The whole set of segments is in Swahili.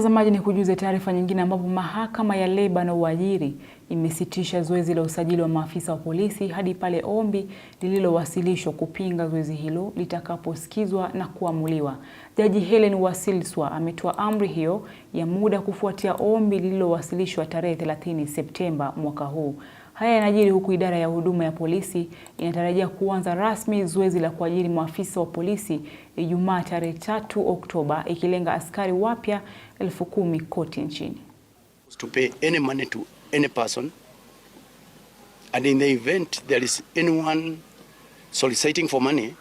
Mtazamaji, ni kujuze taarifa nyingine ambapo mahakama ya leba na uajiri imesitisha zoezi la usajili wa maafisa wa polisi hadi pale ombi lililowasilishwa kupinga zoezi hilo litakaposikizwa na kuamuliwa. Jaji helen Wasilswa ametoa amri hiyo ya muda kufuatia ombi lililowasilishwa tarehe 30 Septemba mwaka huu. Haya yanajiri huku idara ya huduma ya polisi inatarajia kuanza rasmi zoezi la kuajiri maafisa wa polisi Ijumaa tarehe tatu Oktoba, ikilenga askari wapya elfu kumi kote nchini. To pay any money to any person and in the event there is anyone soliciting for money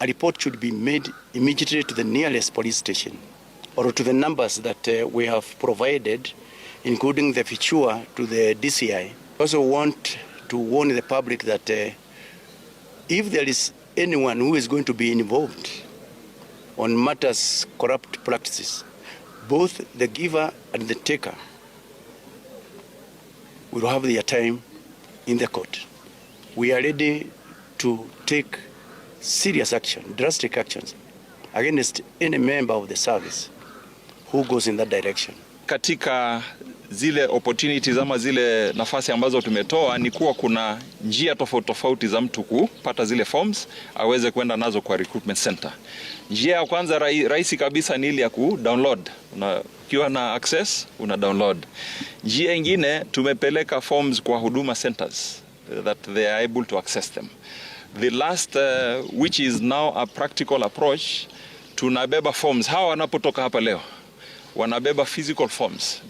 a report should be made immediately to the nearest police station or to the numbers that uh, we have provided including the fichua to the DCI. Also want to warn the public that uh, if there is anyone who is going to be involved on matters corrupt practices, both the giver and the taker will have their time in the court. We are ready to take serious action, drastic actions against any member of the service who goes in that direction katika zile opportunities ama zile nafasi ambazo tumetoa ni kuwa kuna njia tofauti tofauti za mtu kupata zile forms aweze kwenda nazo kwa recruitment center. Njia ya kwanza rahisi kabisa ni ile ya ku kudownload. Ukiwa na access una download. Njia ingine tumepeleka forms kwa huduma centers that they are able to access them. The last uh, which is now a practical approach tunabeba forms hawa wanapotoka hapa leo wanabeba physical forms.